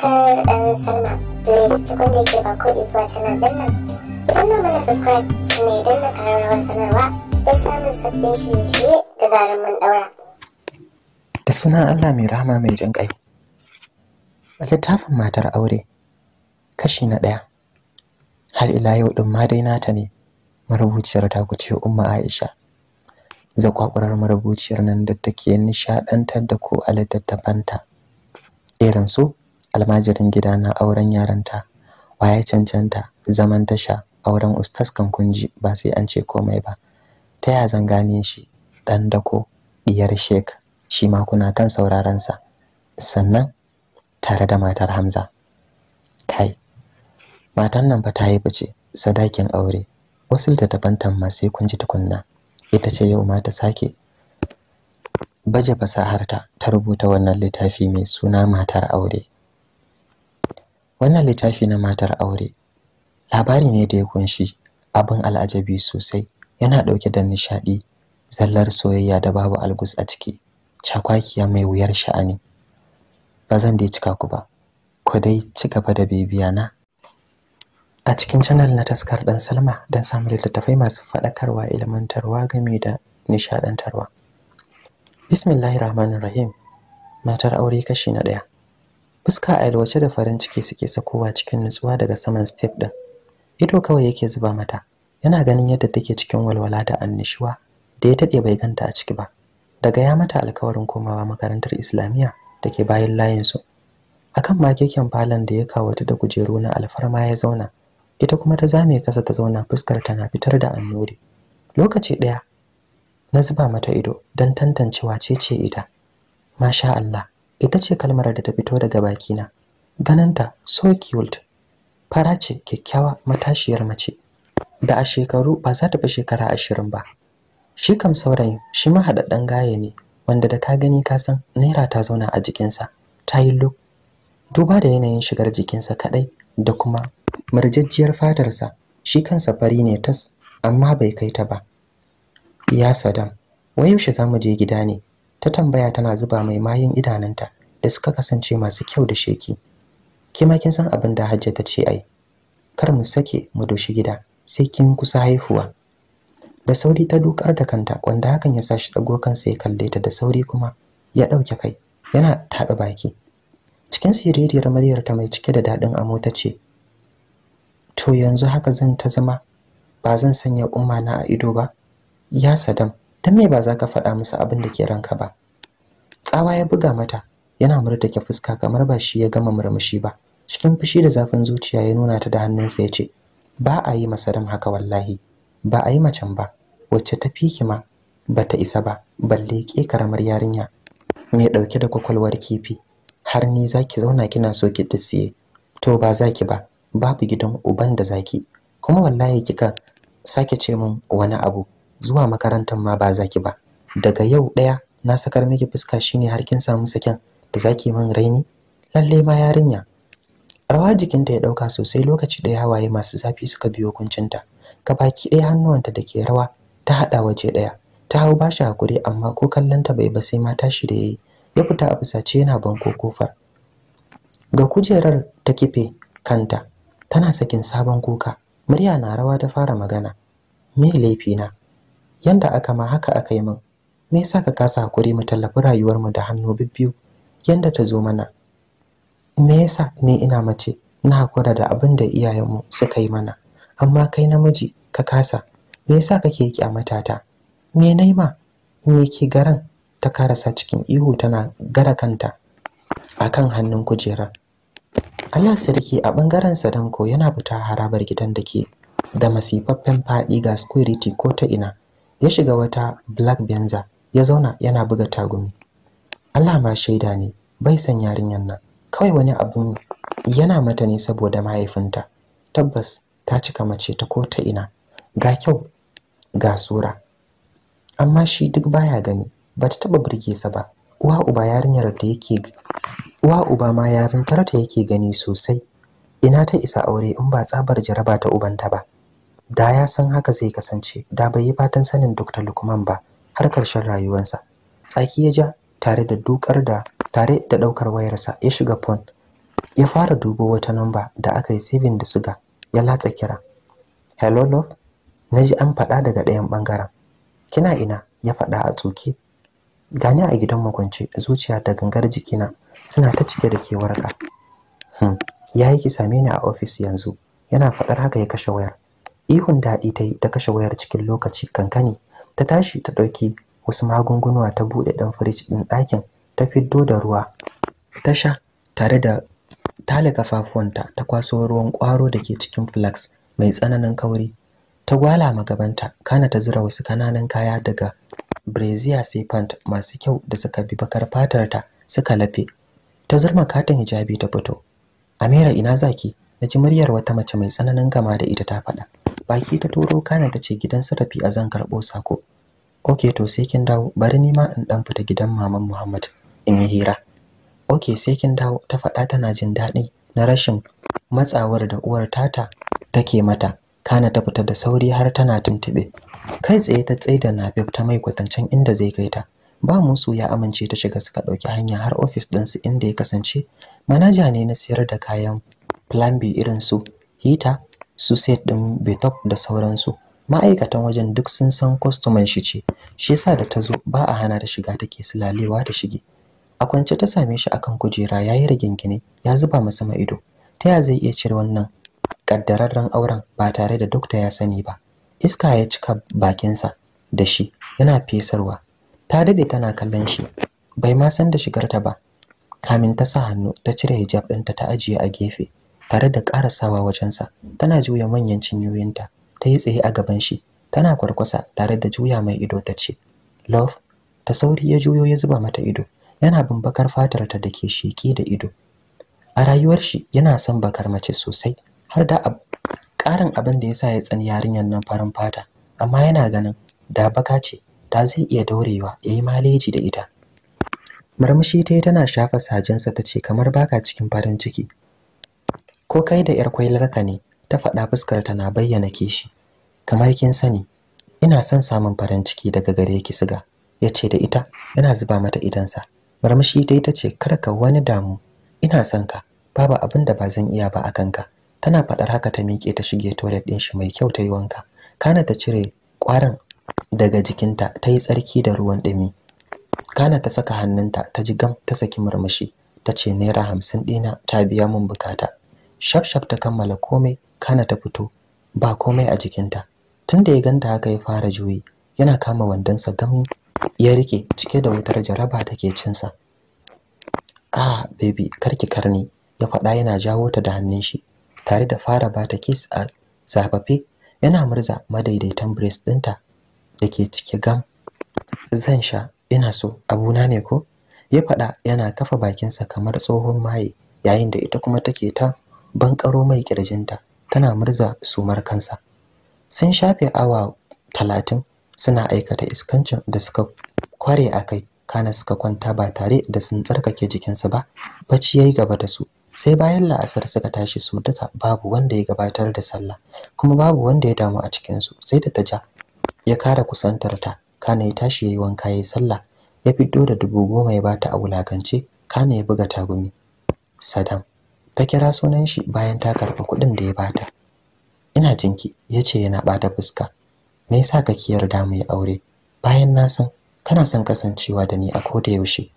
subscribe and sign up. Please tukun da yake ba ko zuwa canal nan. subscribe sannan idan na sanarwa don samun sabbin shirye-shirye da zarar mun Da Allah mai rahama mai jan ƙai. Littafin matar aure kashi na ɗaya. Har ila yau ɗin ma dai nata ne marubuciyar ta ce Umma Aisha. zakwakurar marubuciyar nan da take nishadantar da ko a littattafanta irin su almajirin gida na auren yaranta wa ya cancanta zaman tasha auren ustaskan kunji ba sai an ce komai ba ta ya zan gane shi dan dako diyar shek shi ma kuna kan sauraron sa sannan tare da matar Hamza kai matan nan ba ta yi ce, sadakin aure wasu littattafan ma sai kunji tukunna ita ce yau ma ta sake baje fasaharta ta rubuta wannan littafi mai suna matar aure wannan littafi na matar aure labari ne da ya kunshi abin al'ajabi sosai yana ɗauke da nishaɗi zallar soyayya da babu algus a ciki cakwakiya mai wuyar sha'ani ba zan dai cika ku ba ku dai ci gaba da bibiya na a cikin canal na taskar dan salma don samun littattafai masu faɗakarwa ilmantarwa game da nishaɗantarwa bismillahirrahmanirrahim matar aure kashi na ɗaya fuska a yalwace da farin ciki suke sakowa cikin nutsuwa daga saman step din ido kawai yake zuba mata yana ganin yadda take cikin walwala da annishuwa da ya tade bai ganta a ciki ba daga ya mata alkawarin komawa makarantar islamiyya da ke bayan layinsu akan makeken falon da ya kawata da kujeru na alfarma ya zauna ita kuma ta zame kasa ta zauna fuskar tana fitar da annuri lokaci daya na zuba mata ido don tantancewa ce ce ita masha Allah ita ce kalmar da ta fito daga bakina gananta so cute fara ce kyakkyawa matashiyar mace da a shekaru ba za ta fi shekara ashirin ba shi kam saurayin shi mahaɗaɗɗen gaya ne wanda da ka gani ka san naira ta zauna a jikinsa ta yi luk duba da yanayin shigar jikinsa kaɗai da kuma murjajjiyar fatarsa shi kansa fari ne tas amma bai kai ta ba ya sadam wai yaushe za mu je gida ne ta tambaya tana zuba mai mayin idanunta da suka kasance masu kyau da sheki ke ma kin san abin da hajja ta ce ai kar mu sake mu doshi gida sai kin kusa haifuwa da sauri ta dukar da kanta wanda hakan ya sa shi dago kansa ya kalle ta da sauri kuma ya dauke kai yana taɓa baki cikin siririyar muryar ta mai cike da daɗin amo ta ce to yanzu haka zan ta zama ba zan sanya umma na a ido ba ya sadam don me ba za ka faɗa musu abin da ke ranka ba tsawa ya buga mata yana murtake fuska kamar ba shi ya gama murmushi ba cikin fushi da zafin zuciya ya nuna ta da hannunsa ya ce ba a yi masaram haka wallahi ba a yi macen ba wacce ta fiki ma ba ta isa ba balle ke karamar yarinya mai ɗauke da kwakwalwar kifi har ni za ki zauna kina so ki tsiye to ba za ki ba babu gidan uban da zaki kuma wallahi kika sake ce min wani abu zuwa makarantar ma ba zaki ba daga yau ɗaya na sakar miki fuska shine har kin samu saken da zaki min raini lalle ma yarinya rawa jikinta ya dauka sosai lokaci da hawaye masu zafi suka biyo kuncinta baki ɗaya hannuwanta da ke rawa ta haɗa waje ɗaya ta hau bashi hakuri amma ko kallonta bai ba sai ma tashi da yayi ya fita a fusace yana banko kofar ga kujerar ta kife kanta tana sakin sabon kuka murya na rawa ta fara magana me laifina yanda aka ma haka aka yi min me yasa ka kasa hakuri mu tallafi rayuwarmu da hannu bibbiyu yanda ta zo mana me yasa ne ina mace na hakura da abin da iyayenmu suka yi mana amma kai namiji ka kasa me yasa kake kyamata ta me nayi ma me ke garan ta karasa cikin ihu tana gara kanta akan hannun kujera Allah sarki a bangaren sadanko yana fita harabar gidan da ke da masifaffen faɗi ga security ko ta ina ya shiga wata black benza ya zauna yana buga tagumi Allah ma shaida ne bai san yarinyar nan kawai wani abun yana mata ne saboda mahaifinta tabbas ta cika mace ta ko ta ina ga kyau ga sura amma shi duk baya gani ba ta taba burge sa ba uwa uba yarinyar da yake uwa uba ma yarintar ta yake gani sosai ina ta isa aure in ba tsabar jaraba ta ubanta ba da ya san haka zai kasance da bai yi fatan sanin Dr. Lukman ba har karshen rayuwarsa tsaki ya ja tare da dukar da tare da daukar wayarsa ya shiga phone ya fara dubo wata namba da aka yi saving da suga ya latsa kira hello love ji an faɗa daga ɗayan ɓangaren. kina ina ya faɗa a tsoke gani a gidan makwance zuciya da gangar jikina suna ta cike da kewarka hmm yayi ki same ni a ofis yanzu yana faɗar haka ya kashe wayar ihun daɗi ta yi ta kashe wayar cikin lokaci kankani ta tashi ta ɗauki wasu magunguna ta buɗe ɗan firij ɗin ɗakin ta fiddo da ruwa ta sha tare da tale kafafuwanta ta kwaso ruwan ƙwaro da ke cikin flux mai tsananin kauri ta gwala magabanta kana ta zura wasu kananan kaya daga brazier sai pant masu kyau da suka bi bakar fatarta suka lafe ta zurma katin hijabi ta fito amira ina zaki na ji muryar wata mace mai tsananin gama da ita ta faɗa baki ta turo kana ta ce gidan su a zan karɓo sako oke to sai kin dawo bari ni ma in dan fita gidan maman muhammad in yi hira oke sai kin dawo ta faɗa tana jin daɗi na rashin matsawar da uwar tata take mata kana ta fita da sauri har tana tuntuɓe kai tsaye ta tsaye tsaida nafif ta mai kwatancen inda zai kai ta ba musu ya amince ta shiga suka ɗauki hanya har ofis ɗinsu inda ya kasance manaja ne na siyar da kayan plan irin su hita su set ɗin Betop da sauransu. Ma'aikatan wajen duk sun san kwastoman shi ce, shi yasa da ta zo ba a hana da shiga take sulalewa da shige. A kwance ta same shi akan kujera ya yi rigingine ya zuba masa ma'ido. Ta ya zai iya cire wannan kaddararren auren ba tare da dokta ya sani ba. Iska ya cika bakinsa da shi yana fesarwa. Ta dade tana kallon shi, bai ma san da shigarta ba. Kamin ta sa hannu ta cire hijab ɗinta ta ajiye a gefe. tare da ƙarasawa wajensa tana juya manyan cinyoyinta ta yi tsaye a gaban shi tana kwarkwasa tare da juya mai ido ta ce love ta sauri ya juyo ya zuba mata ido yana bin bakar fatar ta dake sheki da ido a rayuwar shi yana son bakar mace sosai har da ƙarin abin da yasa ya tsani yarinyar nan farin fata amma yana ganin da baka ce ta zai iya daurewa yayi maleji da ita murmushi ta tana shafa sajensa ta ce kamar baka cikin farin ciki ko kai da 'yar kwailarka ne ta faɗa fuskar ta na bayyana kishi kamar kin sani ina son samun farin ciki daga gare ki siga yace da ita yana zuba mata idansa murmushi ta ita ce kar ka wani damu ina son ka babu abin da ba zan iya ba a kanka tana faɗar haka ta miƙe ta shige toilet ɗin shi mai kyau ta yi wanka kana ta cire ƙwarin daga jikinta ta yi tsarki da ruwan ɗumi kana ta saka hannunta ta ji gam ta saki murmushi ta ce naira hamsin ɗina ta biya mun bukata shafshaf ta kammala komai kana ta fito ba komai a jikinta tunda ya ganta haka ya fara juyi yana kama wandonsa gam ya rike cike da wutar jaraba take cinsa ah baby karki karni ya faɗa yana jawo ta da hannun shi tare da fara bata kiss a zafafe yana murza madaidaitan breast ɗinta da ke cike gam zan sha ina so abuna ne ko ya faɗa yana kafa bakinsa kamar tsohon maye yayin da ita kuma take ta bankaro mai ƙirjinta tana murza sumar kansa sun shafe awa talatin suna aikata iskancin da suka kware a kai kana suka kwanta ba tare da sun tsarkake jikinsu ba bacci yi gaba da su sai bayan la'asar suka tashi su duka babu wanda ya gabatar da sallah kuma babu wanda ya damu a cikinsu sai da ta ja ya kara kusantar ta kana ya tashi ya yi wanka ya yi sallah ya fito da dubu goma ya bata a wulakance kana ya buga tagumi sadam ta kira sunan shi bayan ta karɓi kuɗin da ya bata ina jinki ya ce yana bata fuska me yasa kake yarda mu yi aure bayan na san kana son kasancewa da ni a koda yaushe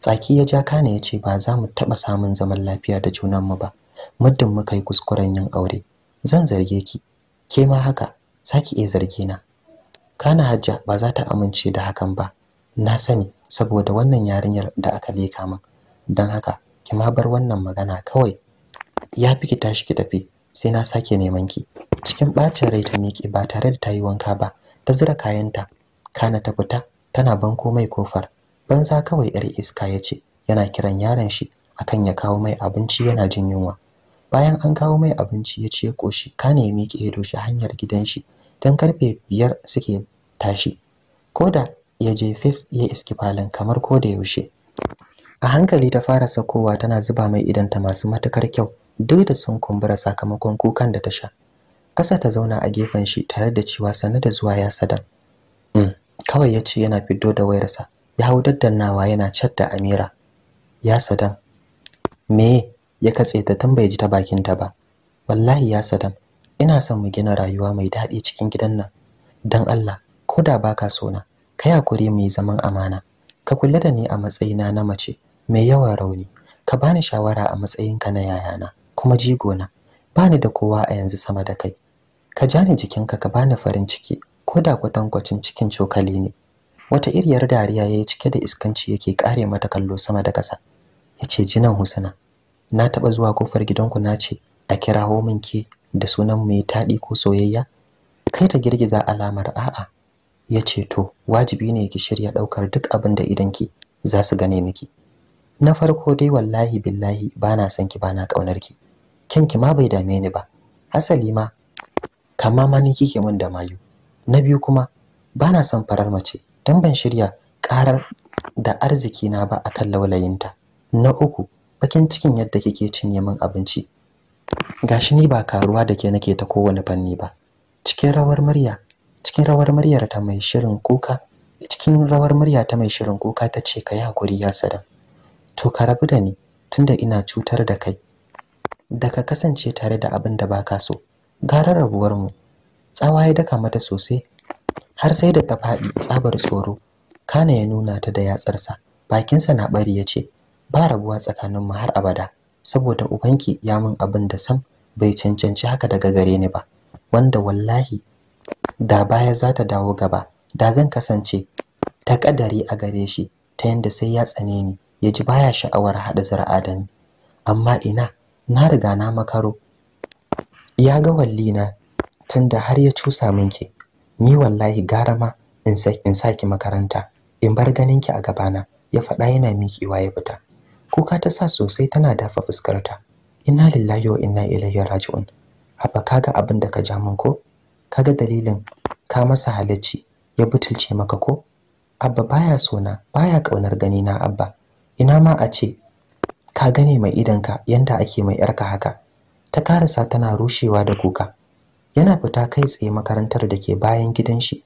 tsaki ya ja kana ya ce ba za mu taɓa samun zaman lafiya da junan mu ba muddin muka yi kuskuren yin aure zan zarge ki ke ma haka saki iya zarge na kana hajja ba za ta amince da hakan ba na sani saboda wannan yarinyar da aka leka min don haka ki ma bar wannan magana kawai ya fi ki tashi ki tafi sai na sake neman ki cikin bacin rai ta miƙe ba tare da ta yi wanka ba ta zura kayanta kana ta fita tana banko mai kofar banza kawai yar iska ya ce yana kiran yaron shi akan ya kawo mai abinci yana jin yunwa bayan an kawo mai abinci ya ce koshi kana ya miƙe ya doshi hanyar gidan shi don karfe biyar suke tashi koda ya je fes ya iski falon kamar ko da yaushe a hankali ta fara sakowa tana zuba mai idanta masu matukar kyau duk da sun kumbura sakamakon kukan da ta sha kasa ta zauna a gefen shi tare da cewa sanar da zuwa ya sadan mm. kawai ya ce yana fiddo da wayarsa ya hau daddannawa yana chat da amira ya sadan me ya katse ta tambaye ji ta bakinta ba wallahi ya sadan ina son mu gina rayuwa mai daɗi cikin gidan nan don allah ko da baka sona kai hakuri mu yi zaman amana ka kula da ni a matsayina na mace mai yawan rauni ka bani shawara a matsayinka na yayana kuma jigona bani da kowa a yanzu sama da kai ka ja ni jikinka ka bani farin ciki ko da kwatankwacin cikin cokali ne wata iriyar dariya ya yi cike da iskanci yake kare mata kallo sama da ƙasa ya ce jinan husna na taɓa zuwa kofar gidanku na ce a kirawo min ke da sunan mu mai taɗi ko soyayya kai ta girgiza alamar a'a ya ce to wajibi ne ki shirya ɗaukar duk abin da idanki za su gane miki na farko dai wallahi billahi bana son ki bana ƙaunar ki kyanki ma bai dame ni ba asali ma kama ma ni kike mun da mayu na biyu kuma bana son farar mace dan ban shirya karar da arziki na ba akan laulayinta na uku bakin cikin yadda kike cinye min abinci gashi ni ba karuwa da ke nake ta kowane fanni ba cikin rawar murya cikin rawar murya ta mai shirin kuka cikin rawar murya ta mai shirin kuka ta ce ka yi hakuri ya sadan to ka rabu da ni tunda ina cutar da kai da ka kasance tare da abin da baka so gara rabuwar mu tsawa ya daka mata sosai har sai da ta faɗi tsabar tsoro kana ya nuna ta da yatsarsa bakinsa na bari ya ce ba rabuwa tsakanin mu har abada saboda ubanki ya mun abin da sam bai cancanci haka daga gare ni ba wanda wallahi da baya za ta dawo gaba da zan kasance ta kadari a gare shi ta yanda sai ya tsane ni ya ji baya sha'awar haɗa zara'a da ni amma ina na riga na makaro ya ga walli na tunda har ya cusa min ki ni wallahi gara ma in sa in saki makaranta in bar ganin ki a gabana ya faɗa yana mikiwa, ya fita kuka ta sa sosai tana dafa fuskarta inna lillahi wa inna ilaihi raji'un abba kaga abin da ka ja min ko kaga dalilin ka masa halacci ya butulce maka ko abba baya sona baya kaunar gani na abba ina ma a ce ka gane mai idanka yanda ake mai yarka haka ta karasa tana rushewa da kuka yana fita kai tsaye makarantar da ke bayan gidan shi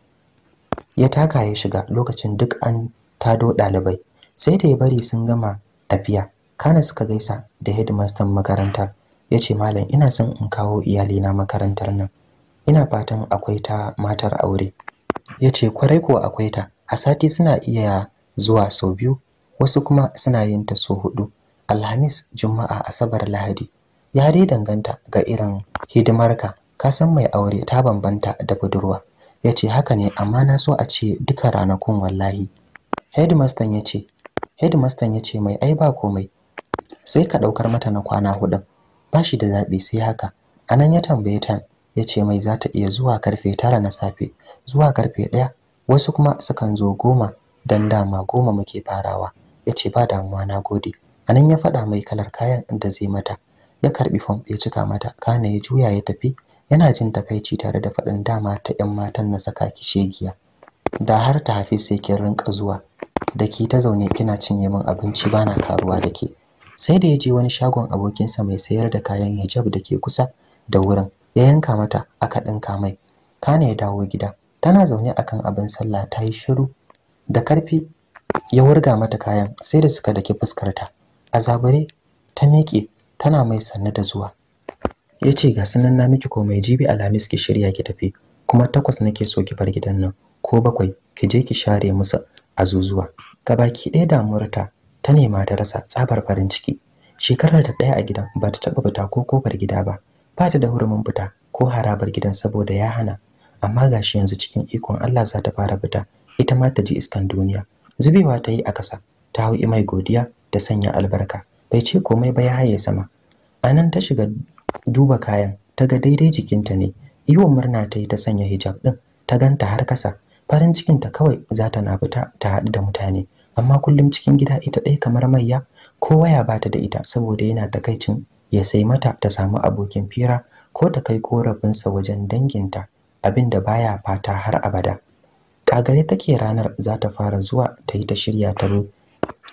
ya taka ya shiga lokacin duk an tado ɗalibai sai da ya bari sun gama tafiya kana suka gaisa da headmaster makarantar ya ce malam ina son in kawo iyalina makarantar nan ina fatan akwai ta matar aure ya ce kwarai ko akwai ta a sati suna iya zuwa sau biyu wasu kuma suna yin ta sau hudu alhamis juma'a asabar lahadi ya dai danganta ga irin hidimarka ka san mai aure ta bambanta da budurwa ya ce haka ne amma na so a ce duka ranakun wallahi headmaster ya ce headmaster ya ce mai ai ba komai sai ka ɗaukar mata na kwana hudu ba shi da zaɓi sai haka anan ya tambaye ta ya ce mai za ta iya zuwa karfe tara na safe zuwa karfe ɗaya wasu kuma sukan zo goma don dama goma muke farawa ya ce ba damuwa na gode anan ya faɗa mai kalar kayan da zai mata ya karbi fom ya cika mata kana ya juya ya tafi yana jin takaici tare da faɗin dama ta 'yan matan na saka ki shegiya da har ta hafi sai kin rinka zuwa da ki ta zaune kina cinye min abinci bana karuwa da ke sai da ya je wani shagon abokinsa mai sayar da kayan hijab da ke kusa da wurin ya yanka mata aka ɗinka mai kana ya dawo gida tana zaune akan abin sallah ta yi shiru da karfi ya wurga mata kayan sai da suka daki fuskarta a zabare ta miƙe tana mai sanne da zuwa ya ce ga sunan na miki komai jibi alhamis ki shirya ki tafi kuma takwas nake so ki bar gidan nan ko bakwai ki je ki share musu azuzuwa baki ɗaya damuwarta ta nema ta rasa tsabar farin ciki shekarar da ɗaya a gidan ba ta taɓa fita ko kofar gida ba ba ta da hurumin fita ko harabar gidan saboda ya hana amma gashi yanzu cikin ikon Allah za ta fara fita ita ma ta ji iskan duniya zubewa ta yi a ƙasa ta hau mai godiya da sanya albarka bai ce komai ba ya haye sama anan ta shiga duba kayan ta ga daidai jikinta ne iwon murna ta yi ta sanya hijab din ta ganta har kasa farin cikinta kawai za ta na fita ta haɗu da mutane amma kullum cikin gida ita ɗaya kamar maiya ko waya ba ta da ita saboda yana takaicin ya sai mata ta samu abokin fira ko ta kai korafinsa wajen danginta da baya fata har abada kagare take ranar za ta fara zuwa ta yi ta shirya roƙi.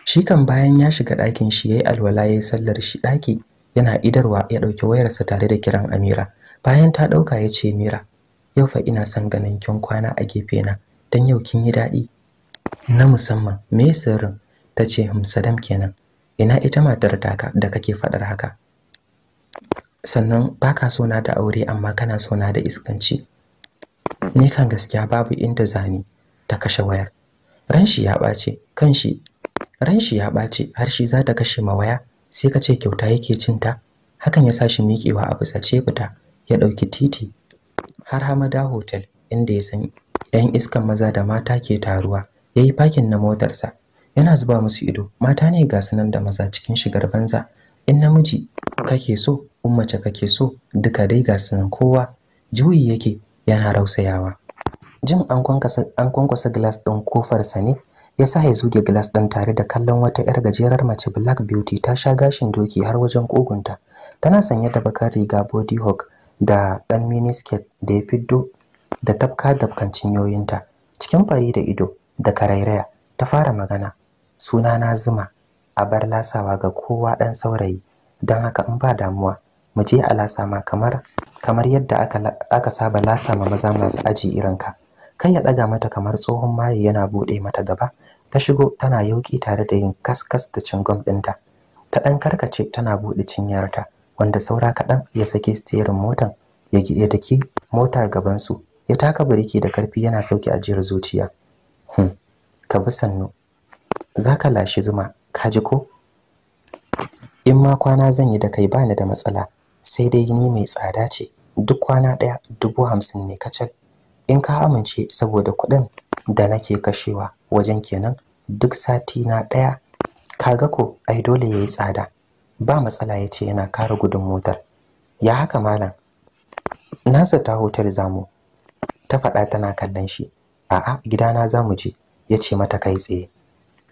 shi kan bayan ya shiga ɗakin shi yayi alwala ya yi sallar shi ɗaki yana idarwa ya ɗauki wayarsa tare da kiran Amira bayan ta ɗauka ya ce Mira yau fa ina son ganin kin kwana a gefe na don yau kin yi daɗi na musamman me sirrin ta ce Hamsadam kenan ina ita matar taka da kake faɗar haka sannan baka so na da aure amma kana so na da iskanci ni kan gaskiya babu inda zani ta kashe wayar ran shi ya ɓace kan shi Ranshi ya ɓace har shi za ta kashe mawaya, sai ka ce kyauta yake cin ta hakan ya sa shi miƙewa a fusace fita ya ɗauki titi har hamada hotel inda ya san 'yan iskan maza da mata ke taruwa ya yi fakin na motarsa yana zuba musu ido mata ne ga sunan da maza cikin shigar banza in namiji kake so ummace mace kake so duka dai ga sunan kowa juyi yake yana rausayawa jin an kwankwasa glass ɗin kofarsa ne ya sa ya zuge glass ɗin tare da kallon wata 'yar gajerar mace black beauty ta sha gashin doki har wajen kogunta tana sanye da bakar riga body hook da ɗan miniskirt da ya fiddo da tafka da kancin yoyinta. cikin fari da ido da karairaya ta fara magana suna na zuma a bar lasawa ga kowa ɗan saurayi don haka in ba damuwa mu je a lasa ma kamar kamar yadda aka aka saba lasa ma maza masu aji irinka kai ya ɗaga mata kamar tsohon maye yana buɗe mata gaba ta shigo tana yauki tare da yin kaskas da cingom ɗinta ta ɗan karkace tana buɗe cinyarta wanda saura kaɗan ya sake steering motan ya daki motar gabansu ya taka biriki da karfi yana sauki ajiyar zuciya hmm. ka bi sannu zaka lashi zuma ka ji ko in ma kwana zan yi da kai bani da matsala sai dai ni mai tsada ce duk kwana ɗaya dubu hamsin ne kacal in ka amince saboda kuɗin da nake kashewa wajen kenan duk sati na ɗaya ga ko ai dole yayi tsada ba matsala yace yana kara gudun motar ya haka malam nasa ta hotel zamu ta faɗa tana kallon shi a'a gidana zamu je yace mata kai tsaye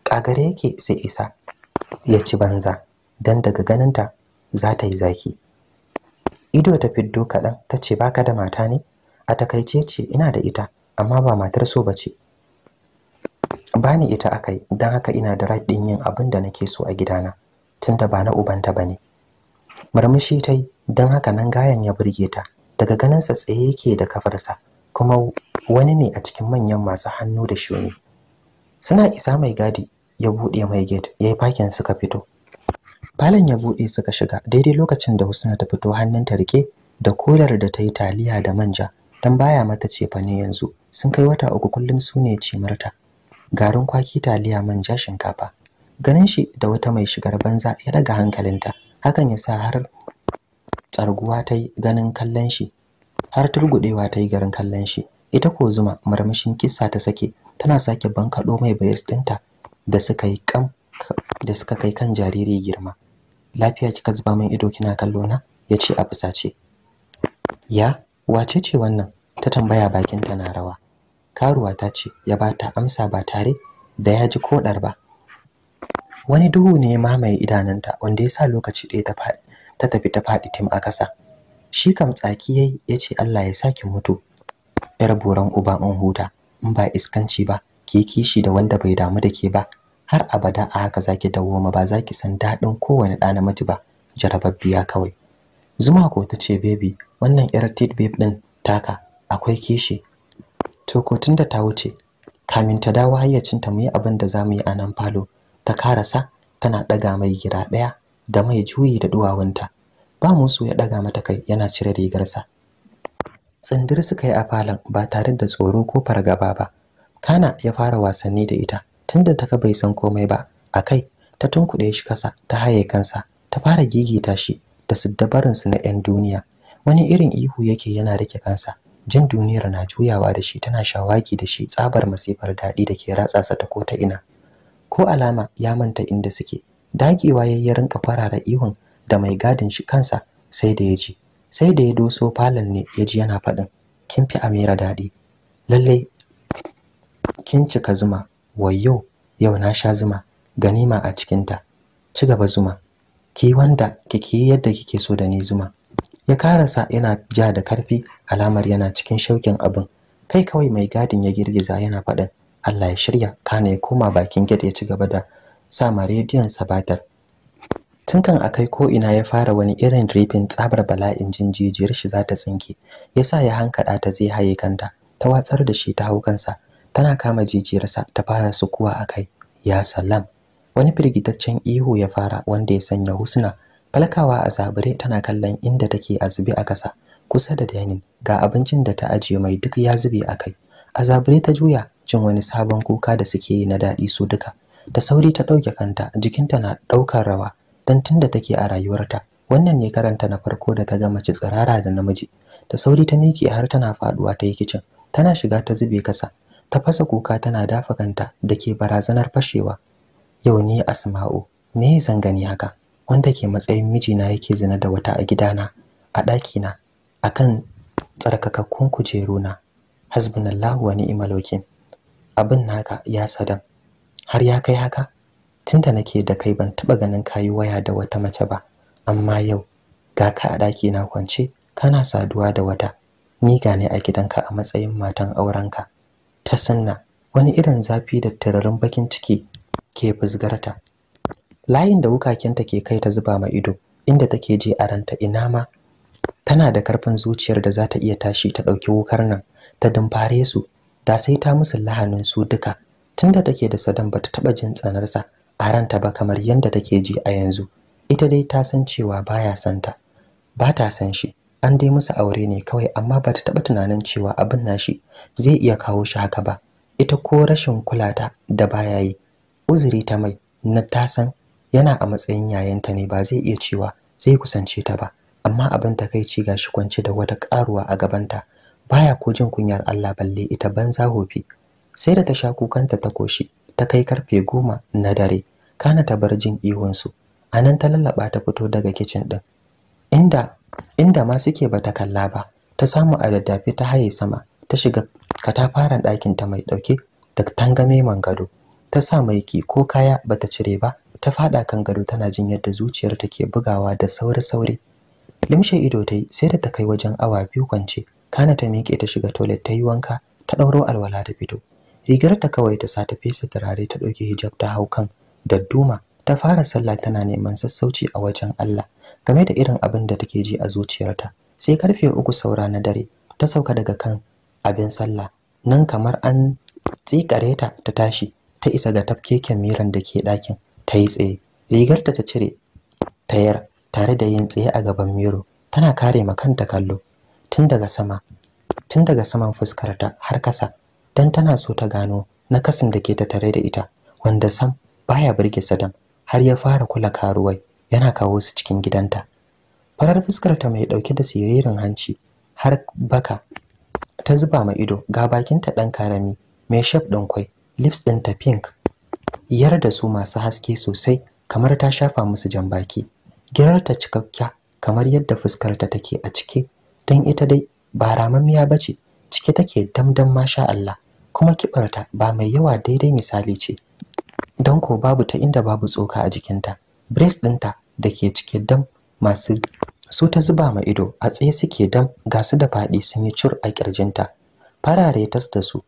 kagare yake sai isa ya ci banza dan daga ganinta za ta yi zaki ido ta fiddo kaɗan ta ce baka da mata ne a takaice ce ina da ita amma ba matar so ba bace bani ita akai dan haka ina da right din yin abin da nake so a gidana tunda ba na ubanta ba ne. Marmushi ta yi dan haka nan gayan ya burge ta daga ganinsa sa tsaye yake da kafarsa kuma wani ne a cikin manyan masu hannu da shuni suna isa mai gadi ya bude mai gate yayi fakin suka fito falon ya buɗe suka shiga daidai lokacin da Husna ta fito hannunta rike da kolar da ta yi taliya da manja dan baya mata ce fa ne yanzu sun kai wata uku kullum su ne ce marta garin kwaki taliya manja shinkafa ganin shi da wata mai shigar banza ya daga hankalinta hakan ya sa har tsarguwa ta yi ganin kallon shi har turgudewa ta yi garin kallon shi ita ko zuma marmashin kissa ta sake tana sake bankaɗo mai bayas ɗinta da suka yi kam da suka kai kan jariri girma lafiya kika zuba min ido kina kallo na ya ce a fusace ya wace ce wannan ta tambaya bakin ta na rawa karuwa ta ce ya bata amsa ba tare da ya ji kodar ba wani duhu ne ya mamaye idananta wanda ya sa lokaci ɗaya ta faɗi ta tafi ta faɗi tim a ƙasa shi kam tsaki yayi ya ce Allah ya saki mutu yar boran uba in huta in ba iskanci ba ke kishi da wanda bai damu da ke ba har abada a haka zaki dawo ma ba zaki san daɗin kowane ɗa namiji ba jarababbiya kawai Zuma ko ta ce baby wannan yar tit babe din taka akwai kishi. To ko tunda ta wuce kamin ta dawo hayyacinta mu yi abin da za mu yi a nan falo ta karasa tana daga mai gira daya da mai juyi da duwawunta. Ba musu ya daga mata kai yana cire rigarsa. Tsindir suka yi a falon ba tare da tsoro ko fargaba ba. Kana ya fara wasanni da ita tunda ta bai san komai ba a kai ta tunkuɗe shi kasa ta haye kansa ta fara gigita shi da siddabarinsu na 'yan duniya wani irin ihu yake yana rike kansa jin duniyar na juyawa da shi tana shawagi da shi tsabar masifar daɗi da ke ratsa sa ta ko ta ina ko alama ya manta inda suke dagewa ya rinka farara ihun da mai gadin shi kansa sai da ya ji sai da ya doso falon ne ya ji yana faɗin kin fi amira daɗi lallai kin cika zuma wayo yau na sha zuma ganima a cikinta ci gaba zuma ki wanda kike yadda kike so da ni zuma ya karasa yana ja da karfi alamar yana cikin shaukin abin kai kawai mai gadin ya girgiza yana faɗin Allah ya shirya kana ya koma bakin gida ya ci gaba da sama rediyon sabatar tun kan akai ko ina ya fara wani irin rifin tsabar bala'in jinjijiyar shi za ta tsinke yasa ya hankada ta zai haye kanta ta watsar da shi ta hau tana kama jijiyarsa ta fara sukuwa akai ya salam wani firgitaccen ihu ya fara wanda ya sanya husna falkawa a zabure tana kallon inda take a zube a kasa kusa da dainin ga abincin da ta ajiye mai duk ya zube a kai a zabure ta juya jin wani sabon kuka da suke yi na daɗi su duka da sauri ta ɗauke kanta jikinta na ɗaukar rawa don tunda take a rayuwarta wannan ne karanta na farko da ta ga mace tsirara da namiji da sauri ta miƙe har tana faɗuwa ta yi kicin tana shiga ta zube kasa ta fasa kuka tana dafa kanta da ke barazanar fashewa yau ni Asma'u me zan gani haka wanda ke matsayin mijina yake zina da wata a gidana a ɗakina akan tsarkakakkun kujeruna hasbunallahu wa ni'mal wakil abin naka ya sadam har ya kai haka tunda nake da kai ban taba ganin kayi waya da wata mace ba amma yau ga ka a ɗakina na kwance kana saduwa da wata ni ne a gidanka a matsayin matan aurenka ta sanna wani irin zafi da tararin bakin ciki ke fusgarta layin da wukakenta ke kai ta zuba ma ido inda take je a ranta ina ma tana da karfin zuciyar da za ta iya tashi ta ɗauki wukar nan ta dumfare su da sai ta musu lahanin su duka tunda take da sadan bata taɓa jin tsanarsa a ranta ba kamar yadda take ji a yanzu ita dai ta san cewa baya santa ba ta san shi an dai musu aure ne kawai amma bata taɓa tunanin cewa abin nashi zai iya kawo shi haka ba ita ko rashin kulata da baya yi uzuri ta mai na tasan yana a matsayin yayanta ne ba zai iya cewa zai kusance ta ba amma abin ta takeici gashi kwance da wata karuwa a gabanta baya ko jin kunyar Allah balle ita banza hofi sai da ta sha kukanta ta koshi ta kai karfe goma na dare kana ta bar jin ihunsu a nan ta lallaba ta fito daga kicin din inda inda ma suke bata kalla ba ta samu a daddafe ta haye sama ta shiga katafaren ɗakin ta mai ɗauke da tangame mangado gado ta sa maiki ko kaya bata cire ba ta fada kan gado tana jin yadda zuciyar ta ke bugawa da sauri-sauri limshe ido ta sai da ta kai wajen awa biyu kwance kana ta miƙe ta shiga toilet ta yi wanka ta ɗauro alwala ta fito rigar ta kawai ta sa ta fesa turare ta ɗauki hijab ta hau kan dadduma ta fara sallah tana neman sassauci a wajen Allah game da irin abin da take ji a zuciyarta sai karfe uku saura na dare ta sauka daga kan abin sallah nan kamar an tsikare ta ta tashi ta isa ga tafkeken miran da ke ɗakin ta yi tsaye rigarta ta cire tayar tare da yin tsaye a gaban miro tana kare ma kanta kallo tun daga sama tun daga saman fuskarta har kasa dan tana so ta gano na kasin da ke ta tare da ita wanda sam baya burge sadam har ya fara kula karuwai yana kawo su cikin gidanta farar fuskarta mai ɗauke da siririn hanci har baka ta zuba ma ido ga bakinta ɗan karami mai shaf ɗin kwai lips ta pink yar da su masu haske sosai kamar ta shafa musu jambaki girarta cikakkiya kamar yadda fuskarta take a cike don ita dai ba ramammiya ba ce cike take damdam masha Allah kuma kibarta ba mai yawa daidai misali ce don ko babu ta inda babu tsoka a jikinta breast ɗinta da ke cike dam masu su ta zuba ma ido a tsaye suke dam ga su da faɗi sun yi cur a ƙirjinta farare tas da su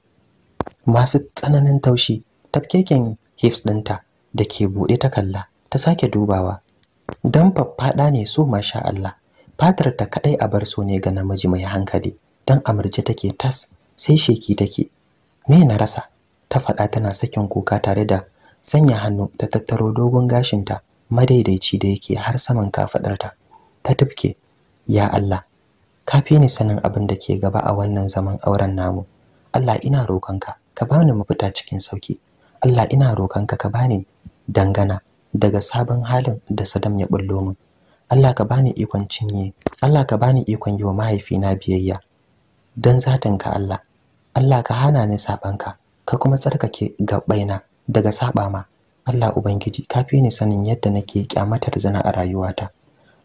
masu tsananin taushi tafkeken hips ɗinta da ke buɗe ta kalla ta sake dubawa Don faffaɗa ne so masha Allah fatar ta kadai a bar so ne ga namiji mai hankali don amurje take tas sai sheki take me na rasa ta faɗa tana sakin kuka tare da sanya hannu ta tattaro dogon gashinta madaidaici da yake har saman kafaɗarta, ta tufke ya Allah ka fi ni sanin abin da ke gaba a wannan zaman auren namu Allah ina roƙonka ka bani mafita cikin sauki Allah ina roƙonka ka bani dangana daga sabon halin da Sadam ya bullo min Allah ka bani ikon cinye Allah ka bani ikon yi wa mahaifina biyayya dan ka Allah Allah ka hana ni sabanka ka ka kuma tsarkake gabbaina daga saba ma Allah ubangiji ka fi ni sanin yadda nake kyamatar zina a rayuwata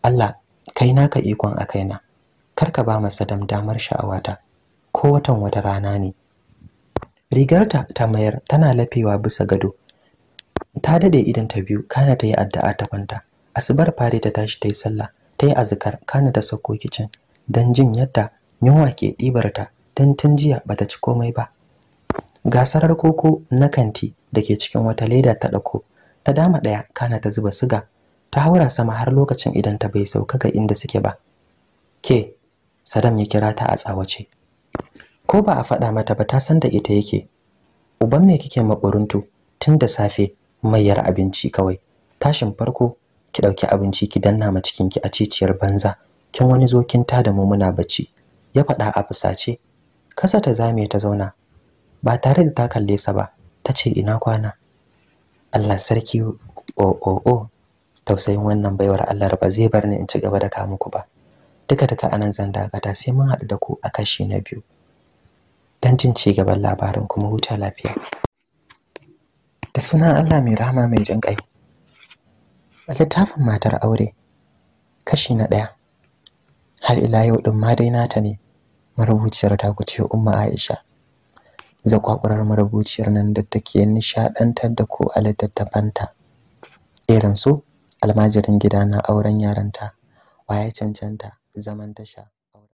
Allah kai naka ikon a kaina kar ka ba masa damar sha'awata ko watan wata rana ne rigarta ta mayar tana lafewa bisa gado ta dade idan ta biyu kana ta yi addu'a ta kwanta asubar Fari ta tashi ta yi sallah ta yi azkar kana ta sauko kicin don jin yadda yunwa ke ɗibarta don tun jiya bata ci komai ba gasarar koko na kanti da ke cikin wata leda ta ɗauko ta dama ɗaya kana ta zuba suga, ta haura sama har lokacin idan ta bai sauka ga inda suke ba ke sadam ya kira ta a tsawace ko ba a faɗa mata ba ta san da ita yake uban me kike maɓuruntu tun da safe mayar abinci kawai tashin farko ki ɗauki abinci ki danna ma cikinki a ciciyar banza kin wani zo kin ta mu muna bacci ya faɗa a fusace kasa ta zame ta zauna ba tare da ta kalle sa ba ta ce ina kwana Allah sarki o o o tausayin wannan baiwar Allah ba zai bar ni in ci gaba da ka muku ba duka duka anan zan dakata sai mun haɗu da ku a kashi na biyu don jin ci gaban labarin kuma huta lafiya da sunan Allah mai rahama mai jin ƙai littafin matar aure kashi na ɗaya har ila yau ɗin ma dai nata ne marubuciyar ta kuce umma Aisha zakwakurar marubuciyar nan da take nishadantar da ko a littattafanta irin su almajirin gida na auren yaranta waye cancanta zaman tasha